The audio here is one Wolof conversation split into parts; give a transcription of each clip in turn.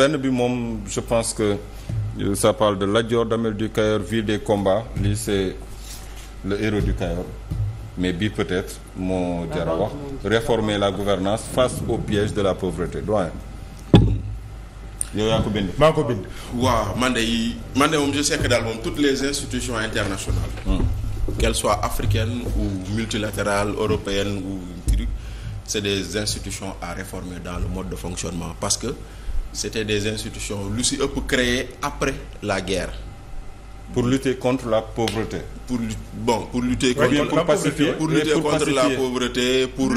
benn bi moom je pense que euh, ça parle de Lat Dior Damel du Kayor vie des combats lii c'est le héros du Kayor mais bii peut-être moo jara wax réformer la gouvernance face au piège de la pauvreté doyen yow yaa ko bind maa ko bind waaw man de yi man de moom je sais que daal toutes les institutions internationales mm. qu'elles soient africaines ou multilatérales européennes ou c'est des institutions à réformer dans le mode de fonctionnement parce que c'était des institutions lu si ëpp créées après la guerre. pour lutter contre la pauvreté. pour bon pour lutter. contre oui, pour pacifier pour lutter pour contre pacifier. la euh, pauvreté pour.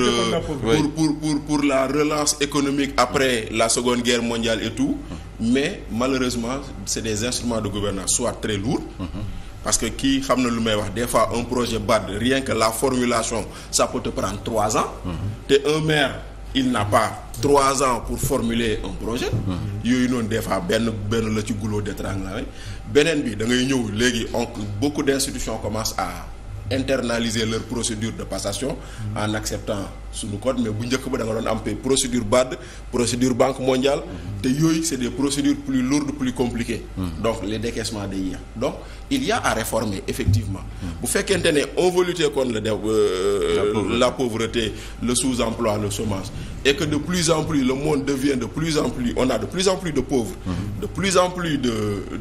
pour pour la relance économique après la seconde guerre mondiale et tout. mais malheureusement c'est des instruments de gouvernance soit très lourds. parce que kii xam na lu may wax des fois un projet BAD rien que la formulation ça peut te prendre trois ans. te un maire. il n'a pas trois ans pour formuler un projet. Mm-hmm. yooyu noonu des fois benn benn la ci goulot d'étranglement beneen bi da ngay ñëw léegi on beaucoup d'institutions commencent à. internaliser leur procédure de passation en acceptant suñu code mais bu njëkk ba da nga doon am procédure BAD procédure banque mondiale te yooyu c'est des procédures plus lourdes plus compliquées donc les décaissements day yéex donc il ya a à réformer effectivement bu fekkente ne on veut lutter contre euh, la pauvreté le sous-emploi le chômage e que de plus en plus le monde devient de plus en plus on a de plus en plus de pauvres mhm. de plus en plus de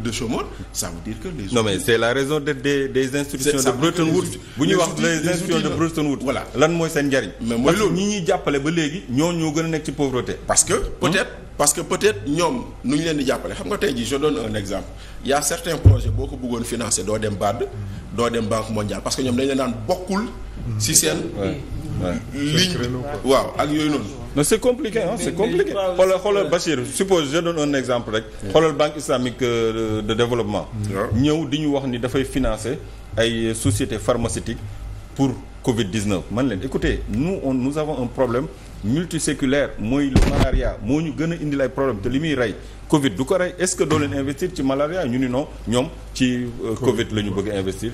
de chômeurs ça veut dire que les mais c'est la raison de des institutions de Bretton Woods bu ñuy wax les institutions de Bretton Woods voilà lan mooy seen njariñ mais mooy loolu ñuy jàppale ba léegi ñoo ñoo gën a nekk ci pauvreté parce que hmm? peut-être parce que peut-être ñoom nu ñu leen jàppale xam nga tey jii je donne un exemple il certains projets doo dem BAD doo dem Banque mondiale parce que ñoom dañ leen naan bokkul si hmm. seen ligne non c'est compliqué ah c'est compliqué xoolal xoolal Bachir suppose je donne un exemple rek xoolal banque islamique euh, de développement ñëw di ñu wax ni dafay financer ay sociétés pharmaceutiques pour Covid-19 man leen écoutez nous on nous avons un problème multiséculaire mooy le malaria moo ñu gën a indil ay problème te li muy rey Covid du ko rey est-ce que doo leen investir ci malaria ñu ni noo ñoom ci euh, Covid la ñu bëgg investir